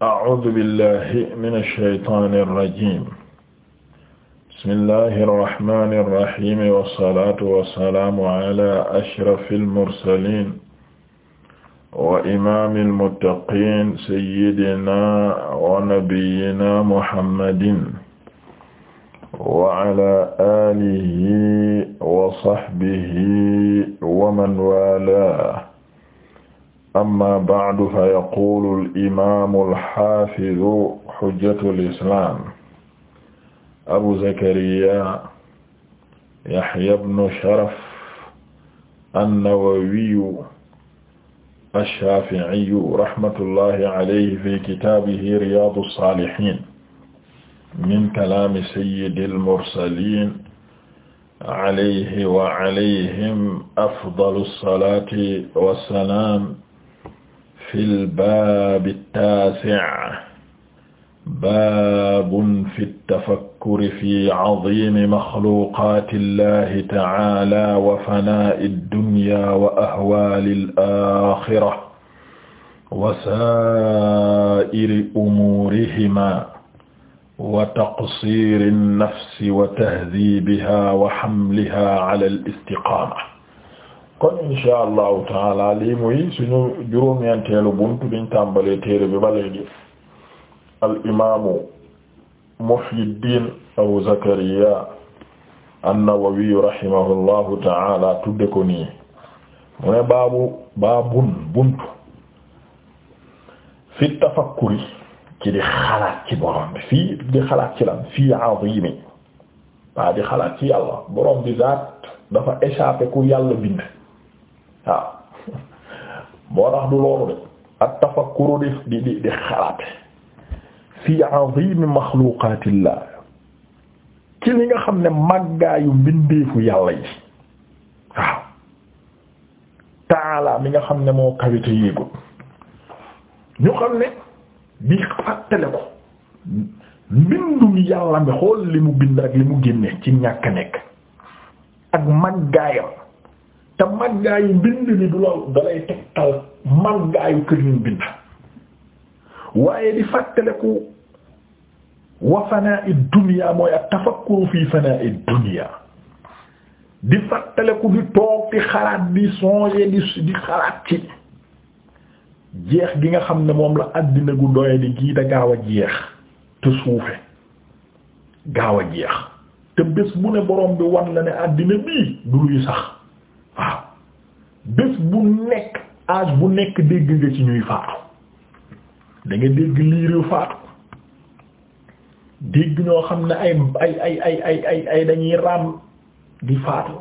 a'uuzu billahi mina shaytaani rajiim bismillahi rahmaani rahiim wa salaatu wa salaamu ala ashrafil mursaliin wa imaamil muttaqiin sayyidinaa wa nabiyyinaa muhammadin wa ala aalihi wa sahbihi wa man waalaahu amma ba'du fa yaqulu al-imaamu al-haafidu hujjatu al-islaam abu zakariya yahya ibnu sharaf an-nawawiyu ash-shaafi'iyu rahmatullahi alayhi fi kitaabihi riyaadu saalihiin min kalaami sayyidil mursaliin alayhi wa alayhim afdalu salaati wa salaam fil baabi taasi' baabun fi tafakkuri fi azimi maxluuqaati Illaahi ta'aala wa fanaa'i dunyaa wa ahwaali al-aaxira wa saa'iri umuurihimaa wa taqsiiri nafsi wa tahdiibihaa wa xamlihaa alal istiqaama. kon insha allahu taala lii muy suñu juróom-ñeenteelu buntu biñ tàmbalee téere bi ba léegi al imaamu Muhyiddin Abu Zakariya an-Nawawi rahimahullahu taala tudde ko nii mu baabu baabun buntu fi tafakkuri ci di xalaat ci borom bi fii di xalaat ci lan fii azimi ba di xalaat ci yàlla borom bi zaat dafa échappé ku yàlla bind waaw moo tax du loolu de at tafakkuru di di di xalaat fi azimi maxluqaatillah ci li nga xam ne màggaayu mbindeefu yàlla yi waaw taala mi nga xam ne moo kawite yéegut ñu xam ne di fàttale ko mbindum yàlla mi xool li mu bind rek li mu génne ci ñàkk nekk ak màggaayam te màggaayu mbind mi du la dalay tegtal màggaayu kër ñu mbind waaye di fàttaleku wa fanaa'i dunya mooy ak tafakkuru fii fanaa'i dunya di fàttaleku di toog di xalaat di songer di xalaat ci jeex gi nga xam ne moom la àddina gu doye gii da gaaw a jeex te suufe gaaw a jeex te bés bu ne borom bi wan la ne àddina bii du luy sax bés bu nekk âge bu nekk dégg nga ci ñuy faatu da nga dégg liir faatu dégg ñoo xam ne ay ay ay ay ay dañuy raam di faatu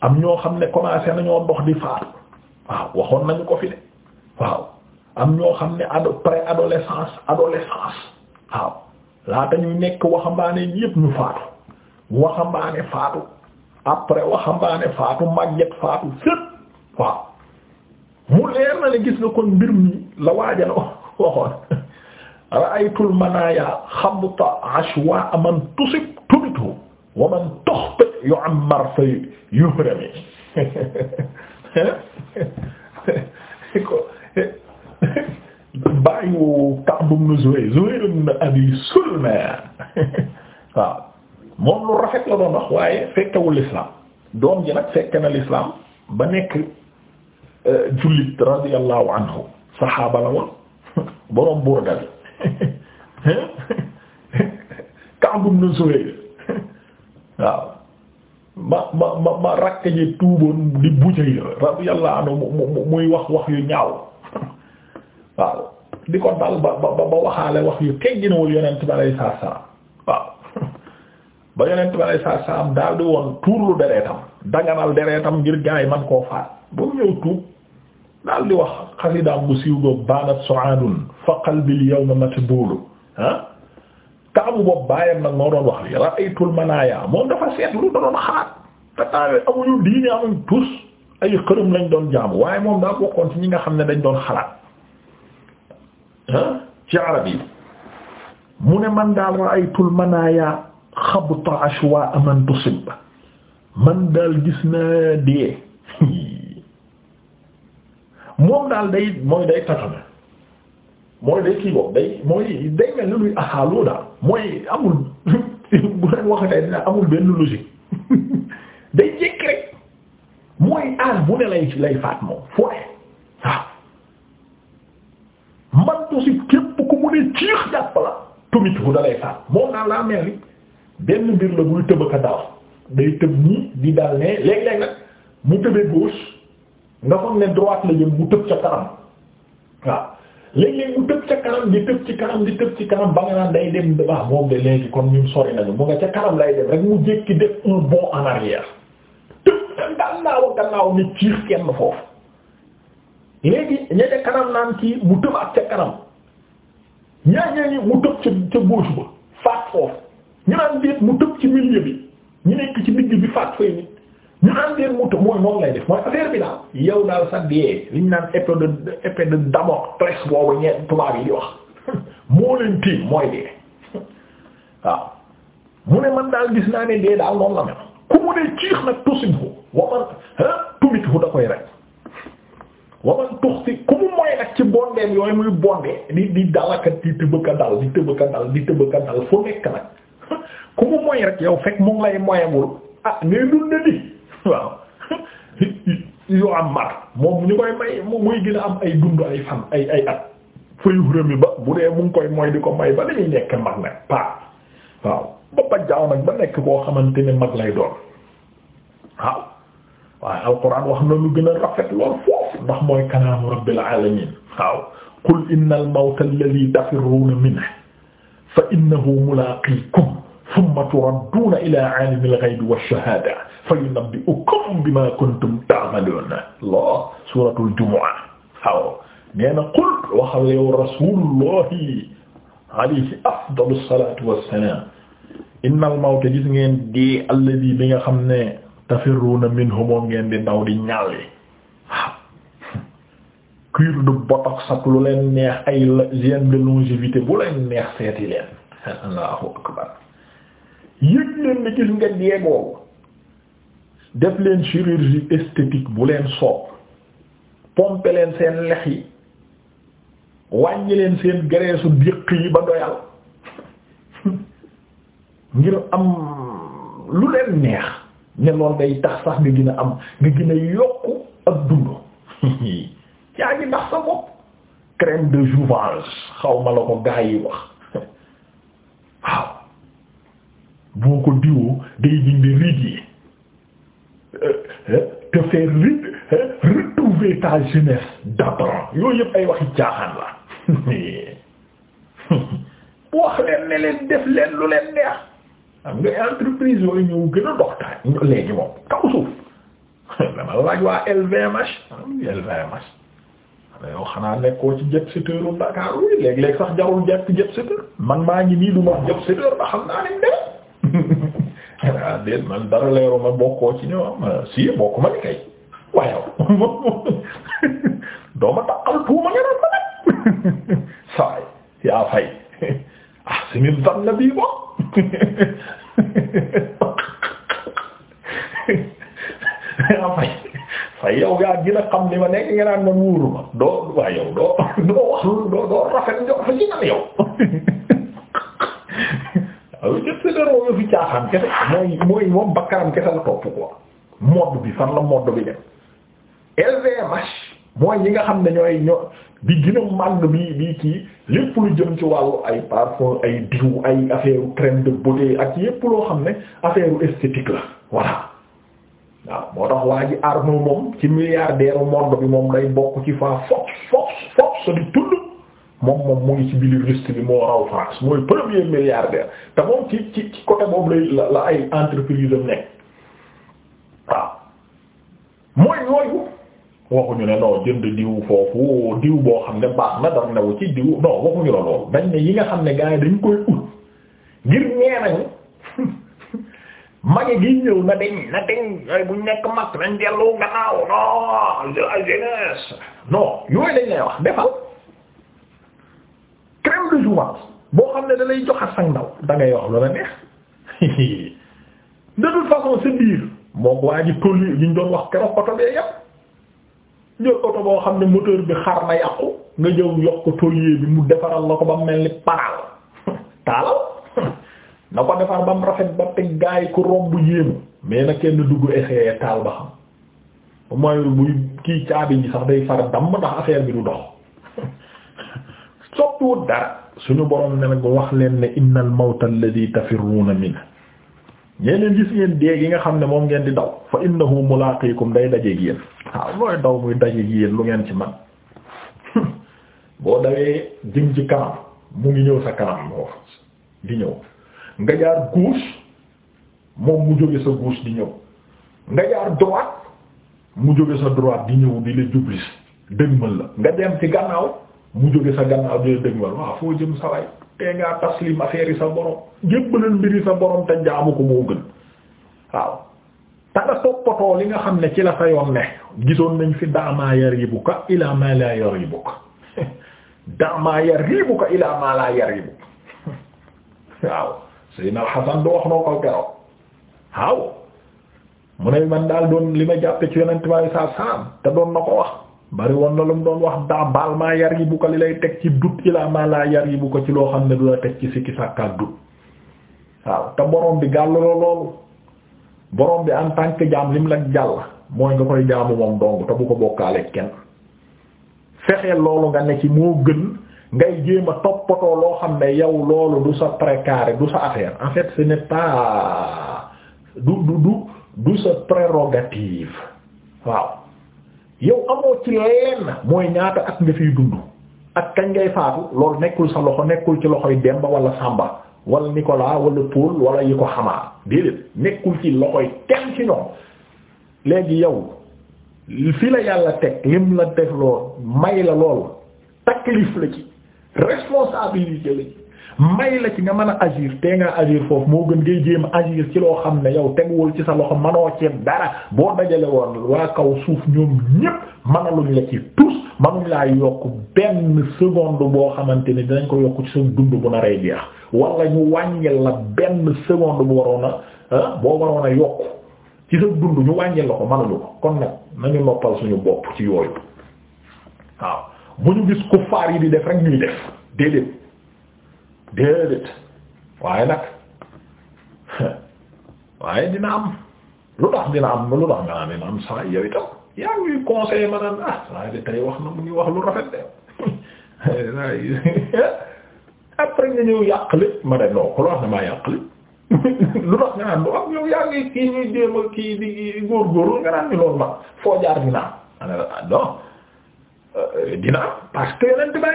am ñoo xam ne commencé nañoo dox di faatu waaw waxoon nañu ko fi de waaw am ñoo xam ne ado pré-adolescence adolescence waaw ñuy nekk waxambaane yépp ñu faatu waxambaane faatu après waxambaane faatu màgget faatu fépp waaw mu leer na ne gis nga kon la waajal waxoon ra'aytul manaya xabta man tusib tubitu wa man tuxti yu'ammar fa yuhrami bàyyi Ka'b ibn Zuhayr Zuhayr ibn Abi Sulma waaw moom lu rafet la doon wax waaye fekkewul l'islam doom ji nag fekke na l'islam ba nekk euh, jullit radiyallahu anhu saxaaba la woon boroom burda bi Ka'b ibn Zuhayr waaw ma ma ma ma rakk ji tuuboon di Bujayr radiyallahu anhu muy wax wax yu ñaaw waaw di ko dal ba ba ba waxaale wax yu tegginawul yonent bi alayhi salaam ba yonent bi alay saa salaam daal di woon tuurlu dereetam daganal dereetam ngir gaa yi man koo faat ba mu ñëw tuub daal di wax xasidaam bu siiw boobu baanat su'aadun fa qalbil yawma matbuulu ah kaabu boobu bàyyam nag moo doon wax li ra'aytul manaaya moom dafa seetlu da doon xalaat te taawee amuñu diine amuñu tus ay xërëm lañ doon jaamu waaye moom daa bokkoon ci ñi nga xam ne dañ doon xalaat ah ci arab yi mu ne man daal ra'aytul manaaya xabta ashwa man tusib man daal gis naa dee moom daal day mooy day tatame mooy day kii day mooy day mel ni luy axaaloo amul bu leen waxatee day jékki rek mooy aar bu ne lay faat moom foo ne waaw képp ku mu ne ciix jàpp tumit hu da faat moom daal laa mel ni benn mbir la buy tëb ak daal day tëb nii di daal ne léeg-léeg nag mu tëbee gauche nga xam ne droite la jëm mu tëb ca kanam waaw léeg-léeg mu tëb ca kanam di tëb ci kanam di tëb ci kanam ba nga naan day dem waaw moom de léegi kon ñun sori nañu mu nga ca kanam lay dem rek mu jékki def un bond en arrière tëb gannaaw gannaaw ni ciix kenn foofu léegi ña ca kanam naan kii mu tëb ak ca kanam ñaañee ñi mu tëb ca ca gauche ba faat foofu. ñu naan déet mu tëb ci milieu bi ñu nekk ci digg bi faat fay nit ñu naan déet mu tëb mooy noonu lay def mooy affaire bi daal yow daal sa dee li ñu naan épée de épée de Damoclès boobu ñeent tubaab yi di wax moo leen tiim mooy dee waaw mu ne man daal gis naa ne dee daal noonu la mel ku mu ne ciix nag tosin ko waman tumit fu da koy rek waman tux si ku mu mooy nag ci bondeem yooyu muy bondee di di dalaka di tëbëka dal di tëbëka dal di tëbëka dal ku mu moy rek yow fekk mu ngi lay moyamul ah ngay dund di waaw yoo am mar moom ñu koy may muy gën a am ay dund ay fan ay ay at fëyux rëmi ba bu dee mu ngi koy moy di ko may ba dañuy nekk mag nag paa waaw ba bajjaaw nag ba nekk koo xamante ne mag lay doon waaw waaye alquran wax na lu gën a rafet lool foofu ndax mooy kanaamu rabbil alamin waaw qul innal mawta alladhi tafirruna minhu fa innahu mulaqikum thumma turadduuna ilaa aalimil ghaybi wash-shahaada fayunabbi'ukum bimaa kuntum ta'maluun Allah suuratul jumu'a waaw nee na qul waxal yow rasuulullahi alayhi afdalu salaatu wassalaam innal mawta gis ngeen dee alladii bi nga xam ne tafirruuna minhu moom ngeen di daw di ñaale waaw cure de botox ak lu leen neex ay gène de longévité bu leen neex seeti leen Allahu akbar yëg leen ni gis nga dee boobu def leen chirurgie esthétique bu leen soob pomper leen seen lex yi wàññi leen seen graisse diq yi ba doyal ngir am lu leen neex ne loolu day tax sax nga gën a am nga gën a yokku ak dund yaa ngi ndax sa bopp crème de jouvence xaw la ko gaa yi wax waaw boo ko diwoo day dindi riid yi te faire retrouver ta jeunesse d'antan yooyu yëpp ay waxi caaxaan la bu wax leen ne leen def leen lu leen neex am nga entreprise yooyu ñëw gën a dox taa léegi moom kaw suuf dama laaj waa LVMH LVMH ana yow xanaa nekkoo ci jet setteuru Dakar léeg-léeg sax jarul jet man maa ngi nii du ma jet setteur xam naa ne ah man dara leeru ma bokkoo ci ñoom ah, si bokk ma ni kay waaye doo ma taxal tuuma nga doon mën a saa yi yaa fay ah si mi ban na bii moom yaa fay fay yow yaa xam ni ma nekk ma doo caaxaan kese mooy mooy moom bakkaram kese la topp quoi modd bi fan la modd bi dem LVMH mooy ñi nga xam ne ñooy ñoo bi gën a màgg bi bi kii lépp lu jëm ci wàllu ay parfum ay diw ay affaire crème de beauté ak yépp loo xam ne affaire esthétique la voilà waaw moo tax waa ji Arnaud moom ci milliardaire monde bi moom day bokk ci fa fox fox fox di tudd moom moom mu ngi ci biir liste bi moo raw France mooy premier milliardaire te moom ci ci ci côté boobu la la ay entreprise am nekk waaw mooy ñooyu waxuñu ne non jënd diw foofu diw boo xam ne baax na dara newu ci diw non waxuñu la loolu dañ ne yi nga xam ne gars yi dañ koy ut ngir ñee nañu mage gi ñëw na deñ na deñ ay buñ nekk mag nañ dellu gannaaw non la jeunesse non yooyu lañ lay wax defal crème de jouvence boo xam ne da lay jox sang ndaw da ngay wax lu la neex de toute façon sa biir moo ko waa ji toll yi ñu doon wax keroog oto bee yépp jël oto boo xam ne moteur bi xar na yàqu nga jëw yokk ko tôlier bi mu defaral la ko ba mu mel ni paral taalal na ko defar ba mu rafet ba teg gaay ku romb yéemu mais na kenn dugg essayé taal ba xam mooy buy kii caabi ji sax day far damm ndax affaire bi du dox soppiwut dara suñu borom ne nag wax leen ne innal mawta alladhi tafirruuna minhu ñeneen gis ngeen dee gi nga xam ne moom ngeen di daw fa innahu mulaaqiikum day dajeeg yéen waaw looy daw muy dajeeg yéen lu ngeen ci man boo dawee jëm ci kanam mu ngi ñëw sa kanam moo di ñëw nga jaar gauche moom mu jóge sa gauche di ñëw nga jaar droite mu jóge sa droite di ñëw di la jublis dëgmal la nga dem ci gannaaw mu jóge sa gannaaw dee dëgmal waaw foo jëm sa waay tee ngaa taslim affaire yi sa borom jébbalal mbiri sa borom te jaamu ko moo gën waaw te nga toppatoo li nga xam ne ci la sa ne gisoon nañ fi daamaa yaribuka ilaa maa laa yaribuka yi yaribuka ilaa maa laa yaribuka waaw du wax noo ko keroog waaw mu ne man daal doon li ma jàppe ci yonent bi sallallahu te doon na ko wax bari woon na lu mu doon wax daa baal maa yar yi bu ko li lay teg ci dut ilaa maa laa yar yi bu ko ci loo xam ne du la teg ci sikki sàkkaat dut waaw te borom bi gàll loolu borom bi en tant que jaam lim la jàll mooy nga koy jaamu moom dong te bu ko bokkaaleeg kenn fexeel loolu nga ne ci moo gën ngay jéem a toppatoo loo xam ne yow loolu du sa précaré du sa affaire en fait ce n'est pas du du du sa prérogative waaw yow amoo ci lenn mooy ñaata at nga fiy dund ak kañ ngay faatu loolu nekkul sa loxo nekkul ci loxoy Demba wala Samba wala Nicolas wala Paul wala yi ko xamaa déedéet nekkul ci loxoy kenn ci ñoom léegi yow fi la yàlla teg lim la def lool may la lool taklif la ci responsabilité la ci may la ci nga mën a agir tee ngaa agir foofu moo gën ngay jéem agir ci loo xam ne yow teguwul ci sa loxo manoo ci dara boo dajale woon waa kaw suuf ñoom ñépp mënaluñ la ci tus mënuñ laa yokk benn seconde boo xamante ni dinañ ko yokk ci sa dund bu na rey jeex wala ñu wàññil la benn seconde bu waroon a ah, boo waroon a yokk ci sa dund ñu wàññil la ko mënalu ko kon nag nañu noppal suñu bopp ci yooyu waaw bu ñu gis kuffaar yi di def rek ñuy def déedéet déedéet waaye nag waaye dina am lu tax dina am lu tax nga naan dina am saa yow itam yaa ngi conseillé ma ah saa de tey wax na mu ngi wax lu rafet de après nga ñëw yàq lépp ma ne non ku la wax damaa yàq lépp lu tax nga naan lu am yow yaa ngi kii ñuy jéem a kii di nga naan ni loolu ma foo jaar dina am ma ne la ah non euh, dina am parce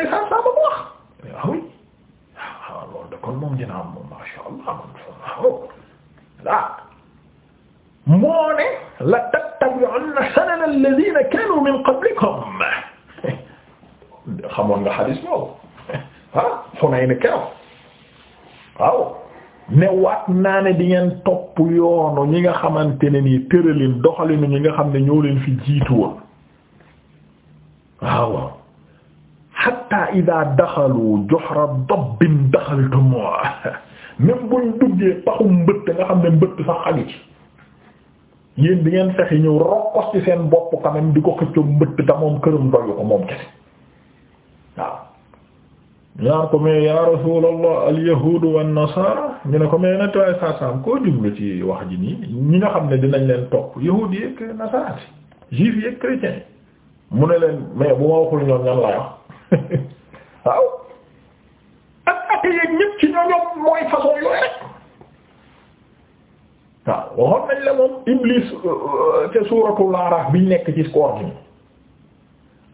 saa ma ko waaw ah, loolu de kon moom dina am moom masha allah moom laa moo ne la tattabi'unna sanana alladhina kanu min qablikum xamoon nga xadis boobu ah Hunayn keroog waaw ne waat naa ne di ngeen topp yoonu ñi nga xamante ne nii tëralin doxalinu ñi nga xam ne ñoo leen fi jiitu woon waaw waaw hatta ida daxalu joxra dobbin daxaltumuuh même buñ duggee paxum mbëtt nga xam ne mbëtt sax xaju ci yéen di ngeen fexe ñëw rokkos ci seen bopp quand di ko xëccoo mbëtt te moom këram doyu ko moom kese waaw ñaar ko mais ya rasulallah alyahudu wannasara ñu ne ko mais yonent waaye saasaam koo jublu ci wax ji nii ñi nga xam ne dinañ leen topp yahuudi yeeg nasaraati juif yeeg chrétien mu ne leen mais bu ma waxul ñoom ñan laa wax waaw ak ak yéeg ñëpp ci ñooñu mooy façon yooyu rek waaw waxoon la moom Iblis euh, euh, ca suuratul Araf biñ nekk ci koor bi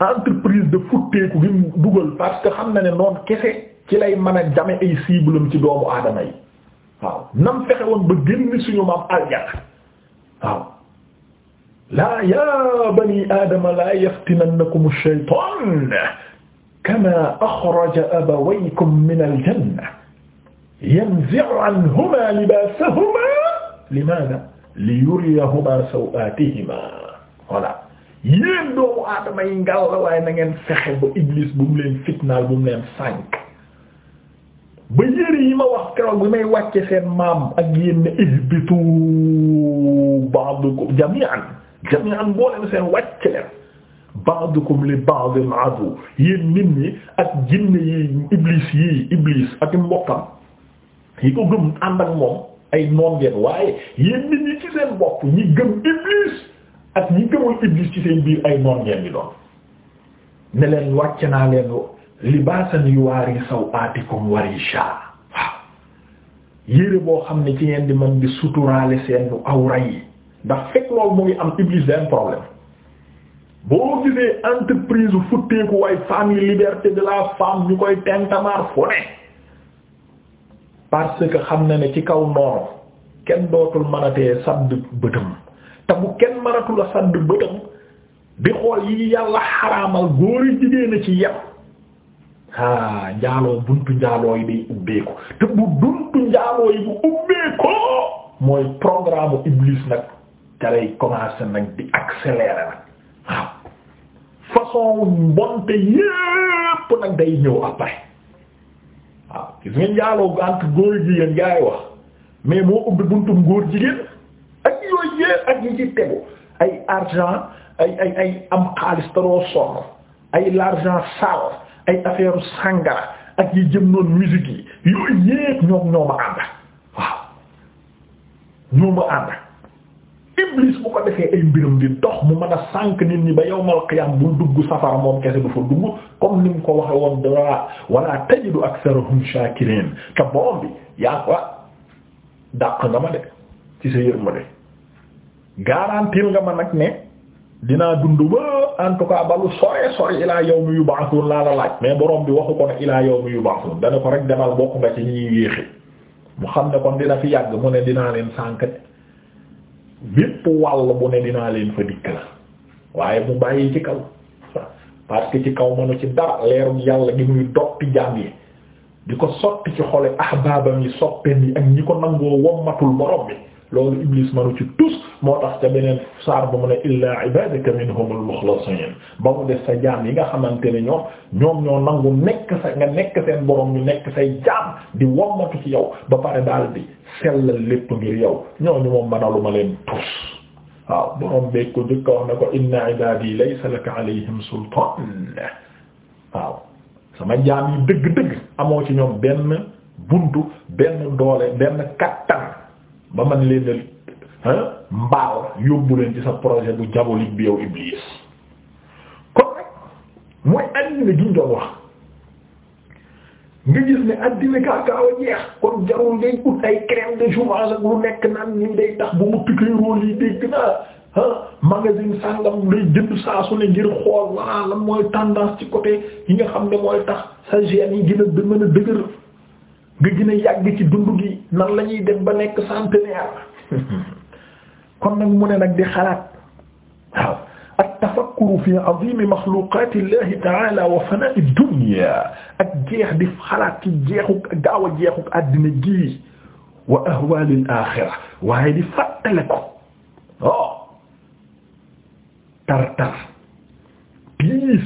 entreprise de futteeku gi dugal parce que xam na ne noonu kese ci lay mën a jame ay cible am ci doomu aadama yi waaw nam fexe woon ba génn suñu maam aljana waaw laa yaa bani aadama laa yaftinannakum ash-shaytaan kama axraja abawaykum min aljanna yanzi'u anhumaa libaasahumaa limaada liyuriyahumaa saw'aatihimaa voilà yéen doomu aadama yi ngal la waaye na ngeen fexe ba iblis bu mu leen fitnaal bu mu leen sànk ba yére yi ma wax keroog bi may wàcce seen maam ak yéen ne ihbitu ba'dukum jami'an jami'an boo leen seen wàcce leen ba'dukum li ba'din adu yéen nit ñi ak jinne yi iblis yi iblis ak mbokkam yi ko gëm ànd ak moom ay noon ngeen waaye yéen nit ñi ci seen bopp ñi gëm iblis ak ñi gëmul iblis ci seen biir ay noon ngeen di doon ne wàcc naa leen libaasan yuwaari sawaatikum warisha yére boo xam ne ci ngeen di mën di suturaale seen awra yi ndax fekk loolu mu ngi am iblis day am problème boo gisee entreprise futteeku waay famille liberté de la femme ñu koy tentamar fu ne parce que xam na ne ci kaw noonu kenn dootul mënatee sadd bëtam te bu kenn mënatul a sadd bëtam di xool yi yàlla xaraamal góor yi ci yem ah njaaloo buntu njaaloo yi day ubbeeku te bu buntu njaaloo yi bu ubbeekoo mooy programme iblis nag te lay commencer nag di accélérer façon mbonte yépp nag day ñëw après waaw gis nga njaaloo entre góor jigéen yaay wax mais moo ubbi buntum góor jigéen ak yooyu yépp ak yi ci tegu ay argent ay ay am xaalis taroo sonn ay l'argent sale ay affaire sangara ak yi jëm noonu musique yi yooyu yépp ñoom ñoo ma ànd waaw ñoo ma ànd iblis bu ko defee ay mbiram di dox mu mën a sànk nit ñi ba yawmal qiyaam bul dugg safara moom kese du fa dugg comme ni mu ko waxe woon dara wala tajidu aktharahum shaakiriin te borom bi yaa ko dàq nga ma de ci sa yërmande garantil nga ma nag ne dinaa dund ba en tout cas balu sore sore ilaa yawmi yub'athun laa la laaj mais borom bi waxu ko ne ilaa yawmi yub'athun dana ko rek demal bokk nga ci ñi ñuy mu xam ne kon dina fi yàgg mu ne dinaa leen sànk bépp wàll bu ne dinaa leen fa dikk la waaye mu bàyyi ci kaw parce que ci kaw mënu ci dara leerum yàlla gi muy dotti jaam yi di ko sotti ci xole ahbaabam yi soppeem yi ak ñi ko nangoo wommatul borom bi loolu iblis mënu ci tus moo tax ca beneen saar ba mu ne illaa ibadaka minhumul mukhlasin ba def sa jaam yi nga xamante ne ñoom ñoom ñoo nangu nekk sa nekk seen borom ñu nekk say jaam di wommatu ci yow ba pare daal di sellal lépp ngir yow ñooñu moom mënaluma leen tus waaw borom ko jëkka wax ne ko inna ibadi laysa laka alayhim waaw sama jaam yi dëgg-dëgg amoo ci ñoom benn buntu benn doole benn kattan ba man leen mbaaw yóbbu leen ci sa projet bu diabolique bi yow Iblis kon nag mooy àddina gi ñu doon wax nga gis ne àddina kaa a jeex kon jarul ngay ut ay crème de chômage ak lu nekk naan bu mu tukkee rôle yi dégg naa ah magasin sangam day jënd saa ne ngir xool walla lan mooy tendance ci côté yi nga xam ne mooy tax sa gènes yi gën a mën a dëgër nga gën yàgg ci dund gi nan la ñuy def ba nekk centenaire kon nag mu ne nag di xalaat waaw ak tafakkuru fi azimi maxluqaati llahi taala wa fanaa'i ak jeex di xalaat ci gaaw a jeexu àddina gi wa ahwaali al-aaxira waaye di fàttale ko oh, tar-tar piis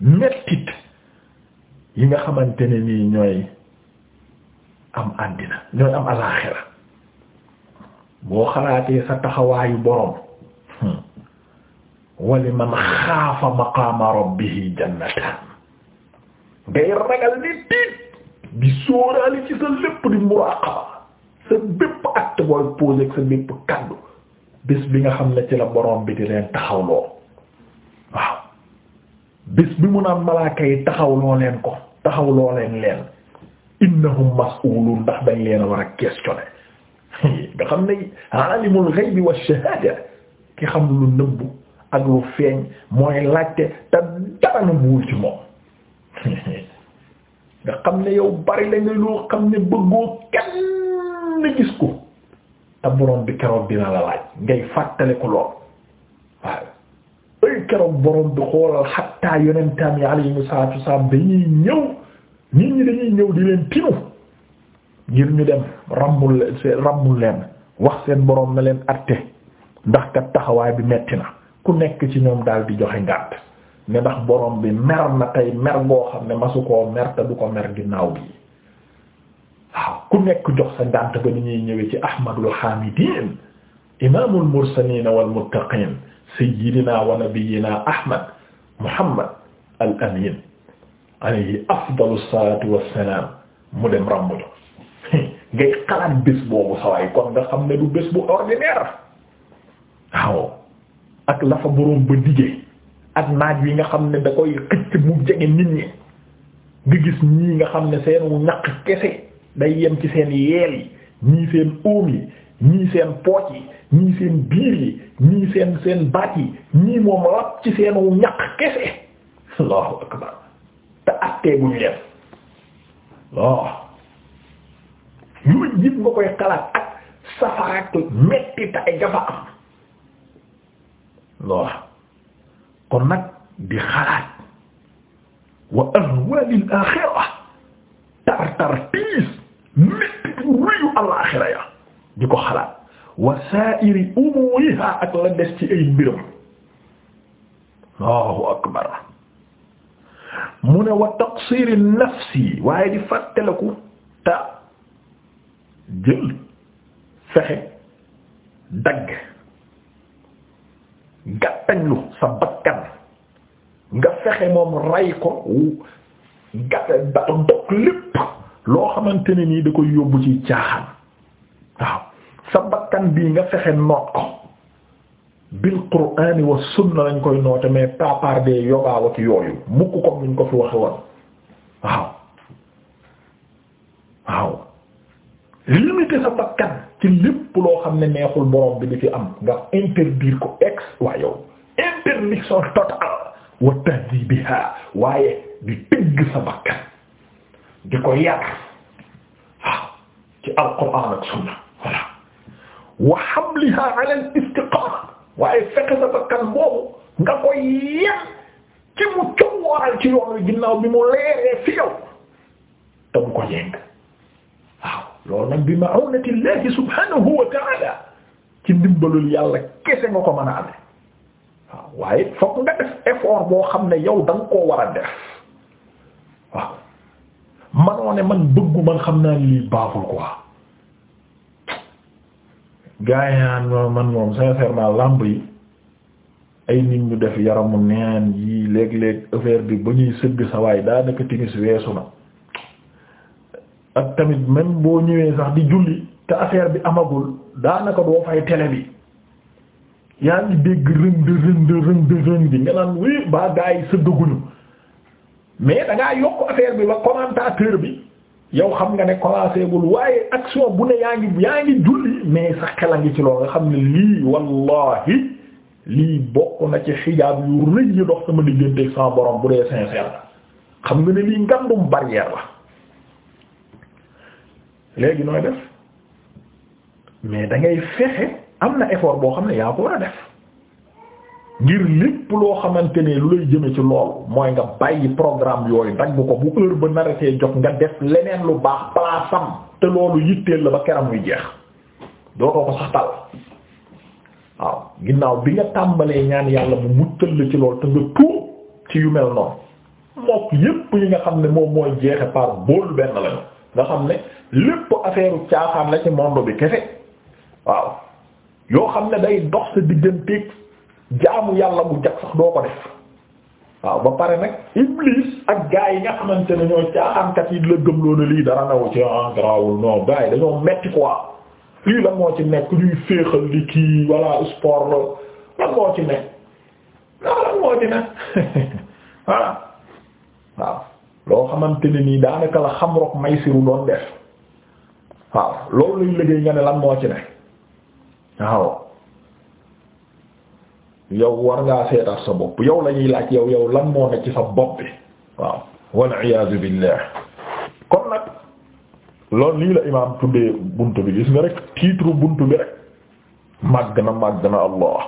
mettit yi nga xamante ne nii ñooy am àddina ñooy am al boo xalaatee sa taxawaayu boroom hmm. wali man xaafa maqaama rabbihi jannatan ngay ragal di tiit di sóoraali ci sa lépp di muraqaba sa bépp acte booy posé sa bépp kaddu bés bi nga xam ne ci la boroom bi di leen taxawloo waaw bés bi mu naan malaaka yi taxawloo leen ko taxawloo leen leen innahum mas'ulun ndax dañ leen war a questionner nga xam ne alimul ghaybi wa shahada ki xam lu nëbb ak lu feeñ mooy laajte te dara nëbbuwul ci moom nga xam ne yow bari la loo xam ne bëggoo kenn gis ko te borom bi keroog dina la laaj ngay fàttale ko lool waaw ay keroog borom bi xoolal xattaa yonentam yi alayhimu salaatu wasalaam dañuy ñëw nit ñi dañuy ñëw di leen tinu ngir ñu dem ràmmul leen wax seen boroom na leen atte ndax kat taxawaay bi metti na ku nekk ci ñoom daal di joxe ngàtt ne ndax boroom bi mer na tey mer boo xam ne masu koo mer te du ko mer ginnaaw bi waaw ku nekk jox sa ngànt ba ni ñuy ñëwee ci ahmadul hamidin imaamul mursaliin wal muttaqiin sayyidina wa nabiyyina ahmad muhammad al amin alayhi afdalu salaatu wassalaam mu dem ràmmuñu ngay xalaat bés boobu sawaay kon nga xam ne du bés bu ordinaire waaw ak la fa boroom ba digee ak naaj wi nga xam ne da koy xëcc mu jege nit ñi nga gis ñii nga xam ne seenu ñaq kese day yem ci seen yeel yi ñii seen óom yi ñii seen pooc yi ñii seen biir yi ñii seen seen baat yi ñii moom rab ci seenu ñaq kese allahu akbar te attee buñu leen waaw yooyu yëpp nga koy xalaat ak safaraat metti tay gafa am loola kon nag di xalaat wa ahwalil axira tar tar tiis metti réyu alaaxira ya di ko xalaat wa sa'iri umuriha ak la des ay mbiram Allahu akbar mu ne wa taqsiri nafsi waaye di fàttaliku ta jël fexe dagg gàttañlu sa bakkan nga fexe moom ray ko gàtta da dog lépp loo xamante ne nii da koy yóbbu ci caaxaan waaw sa bakkan bii nga fexe noot ko bil qur'aan wa sunna lañ koy noote mais pas par des yooyu mukk comme niñ ko fi waxe woon waaw waaw limiter sa bakkan ci lépp loo xam ne neexul borom bi di fi am nga interdire ko ex waa yow interdiction totale wa waaye di tëgg sa bakkan di ko yar waaw ci alquran ak sunna voilà wa hamliha ala al istiqama waaye fexe sa bakkan boobu nga koy yar ci mu coowaaral ci yoonu ginnaaw bi mu leeree fi yow te ko yëng waaw loolu nag bi ma'unatillahi subhanahu wa ci ndimbalul yàlla kese nga ko mën a amee waaw waaye fokk nga def effort boo xam ne yow da nga koo war a def waaw manoo ne man bëggu man xam naa lii baaxul quoi gaa yi man moom sincèrement làmb yi ay nit ñu def yaramu neen yii léeg-léeg affaire bi ba ñuy sëgg sa waay daanaka timis weesu na ak tamit même boo ñëwee sax di julli te affaire bi amagul daanaka doo fay tele bi yaa ngi dégg rënd rënd rënd rënd nga naan wii baa gaa yi sëddaguñu mais da yokk affaire bi ba commentateur bi yow xam nga ne commencé gul waaye action bu ne yaa ngi yaa ngi julli mais sa xel a ngi ci lool nga xam ne lii wallahi lii bokk na ci xijaab yu rëy yi dox sama diggante sans borom bu dee sincère la xam nga ne lii ngandum barrière la léegi nooy def mais dangay fexe am na effort boo xam ne yaa ko war a def ngir lépp loo xamante ne lu lay jëme ci loolu mooy nga bàyyi programme yooyu dagg ko bu heure ba naratee jox nga def leneen lu baax palaasam te loolu yitteel la ba keram muy jeex dootoo ko sax tal waaw ginnaaw bi nga tàmbalee ñaan yàlla mu muccal la ci loolu te nga tuub ci yu mel noonu mook yépp yi nga xam ne moom mooy jeexe par boolu benn lañu nga xam ne lépp affaire caaxaan la ci monde bi kese waaw yoo xam ne day dox sa digganteeg jaamu yàlla bu jag sax doo ko def waaw ba pare nag Iblis ak gaa yi nga xamante ne ñoo caaxaankat yi la gëmloo ne lii dara naw ci ah garaawul non gaa yi dañoo metti quoi lii lan moo ci nekk luy féexal li kii walla sport la lan moo ci nekk non lan moo ci nekk waaw loo xamante ne nii daanaka la xam rok may siru doon def. waaw loolu luy liggéey nga moo ci ne waaw yow war ngaa seetaat bopp yow la ñuy yow yow lan moo ci sa bopp bi waaw wal iyaazu billaah kon nag loolu lii la imaam tuddee bunt bi gis nga rek titre bunt bi rek màgg na allah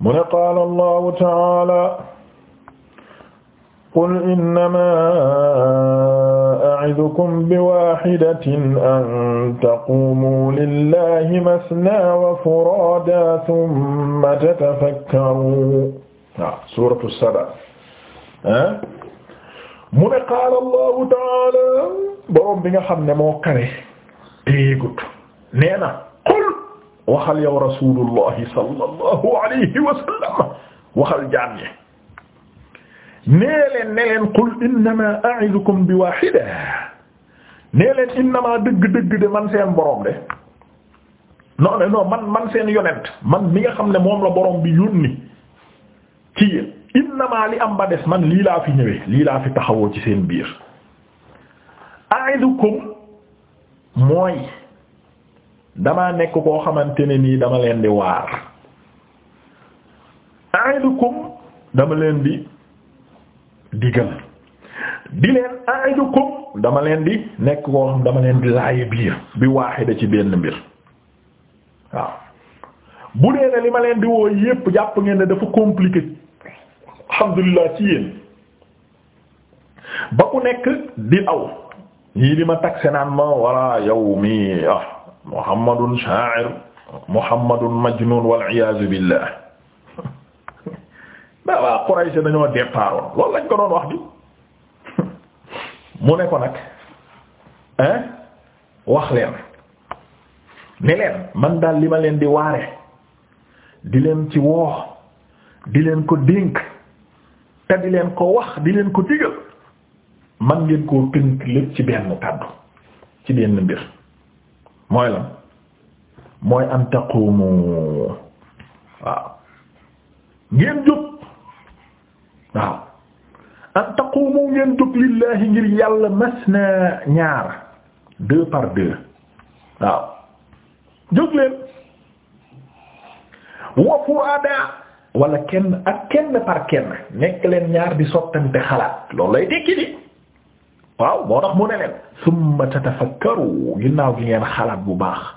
mu ne qaala allahu taala qul innama ya'idukum biwahidatin an taqumu lillahi masna wa furada thumma tatafakkaru waaw suratu Saba ah mu ne qaala Allahu taala borom bi nga xam ne moo kare téyegut nee na qul waxal yow rasulullahi sallallahu alayhi wa sallam waxal jaam ñi nee leen ne leen qul innama bi wahida nee leen innama dëgg-dëgg de man seen borom de non non man man seen yonent man mi nga xam ne moom la boroom bi yónni ci yéen li am ba des man lii laa fi ñëwee lii laa fi taxawoo ci seen biir a'idukum mooy damaa nekk koo xamante ne nii dama leen di waar a'idukum dama leen di digal di leen a'idukum dama leen di nekk koo xam dama leen di laaye biir bi waaxida ci benn mbir waaw bu dee ne li ma leen di woo yépp jàpp ngeen ne dafa compliqué alhamdulilah ci yéen ba ku nekk di aw ñii di ma taxe naan ma walla yow mi ah muhammadun sha'ir majnun wal iyaazu billah mais waa Quraysh dañoo départoon loolu lañ ko doon wax bi mu ne ko nag hein wax leen ne leen man daal li ma leen di waare di leen ci woo di leen ko dénk te di leen ko wax di leen ko digal man ngeen koo tënk lépp ci benn kàddu ci benn mbir mooy lan mooy an taqumu waaw ngeen jóg waaw an taqumu ngeen jóg lillaahi ngir yàlla mas na ñaar deux par deux waaw jóg leen wa fuada wala kenn ak kenn par kenn nekk leen ñaar di sottante xalaat loolu lay tekki di waaw moo tax mu ne leen summa tatafakkaru ginnaaw gi ngeen xalaat bu baax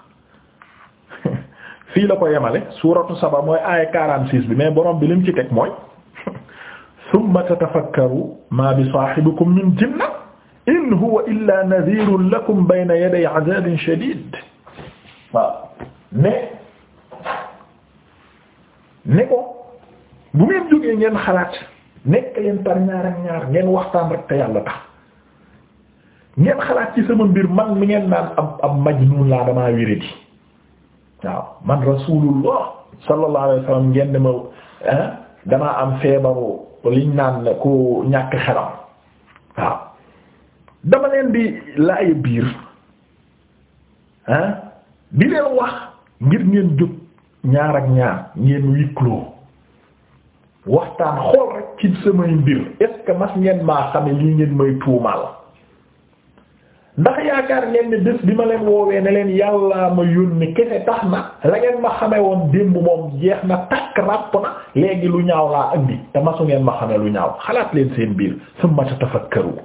fii la ko yemale suuratu saba mooy aaya quarante-six bi mais borom bi lim ci teg mooy summa tatafakkaru maa bi saahibikum min jinna in huwa illa nadhirun lakum bayna yaday adhabin shadid waaw ne ne ko bu ngeen jógee ngeen xalaat nekk leen par ñaar ak ñaar ngeen waxtaan rek te yàlla tax ngeen xalaat ci sama mbir man mi ngeen naan ab ab majnuun laa damaa wéradi waaw man rasulullah sallallahu alayhi wasallam ngeen ne ma ah, damaa am feebaru liñ naan ku ñàkk xelam waaw dama leen bi laaj biir ah di leen wax ngir ngeen jóg ñaar ak ñaar ngeen wikloo waxtaan xool rek ci samay mbir est mas ngeen maa xame lii ngeen may tuumaal ndax yaakaar ngeen ne bés bi ma leen woowee ne leen yàllaa ma yónni kese tax na la ngeen ma xamee woon démb moom jeex na takk ràpp na léegi lu ñaaw laa indi te masu ngeen ma xamee lu ñaaw xalaat leen seen biir summa tatafakkaru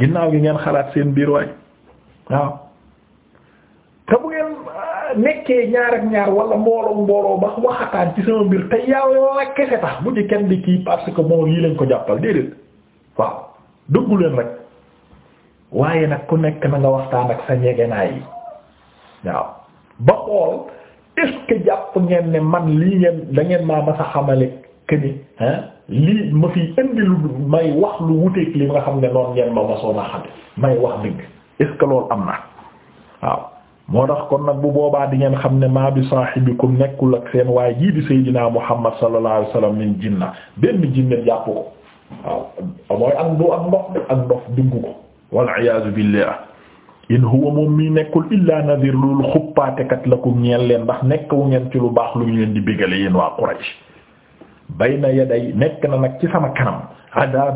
ginnaaw gi ngeen xalaat seen biir waay waaw te bu ngeen ah, nekkee ñaar ak ñaar wala mbooloo mbooloo ba waxataan ci sama mbir te yàlla ak kese tax bu ci kenn di kii parce que moom yii lañ ko jàppal déedéet waaw dëggu waaye nag ku nekk na nga waxtaan ak sa ñegenaay yi waaw ba xool est jàpp ngeen ne man lii ngeen da ngeen maa ma sa xamale que lii ma fi indi lu may wax lu wuteeg li nga xam ne noon ngeen ma masoon a xam may wax dëgg est-ce am na waaw moo tax kon nag bu boobaa di ngeen xam ne maa bi saahibikum nekkul ak seen waaye jii di Seydina Muhammad sallallahu alayhi wasallam min jinna benn jinne jàpp ko waaw mooy ak du ak ko wal iyaazu billah in huwa moom mi nekkul illaa nadir lul xuppaatekat lakum ñeel leen ndax nekkawu ngeen ci lu baax lu ñu leen di bégale yéen waa Quraysh bayna yaday nekk na nag ci sama kanam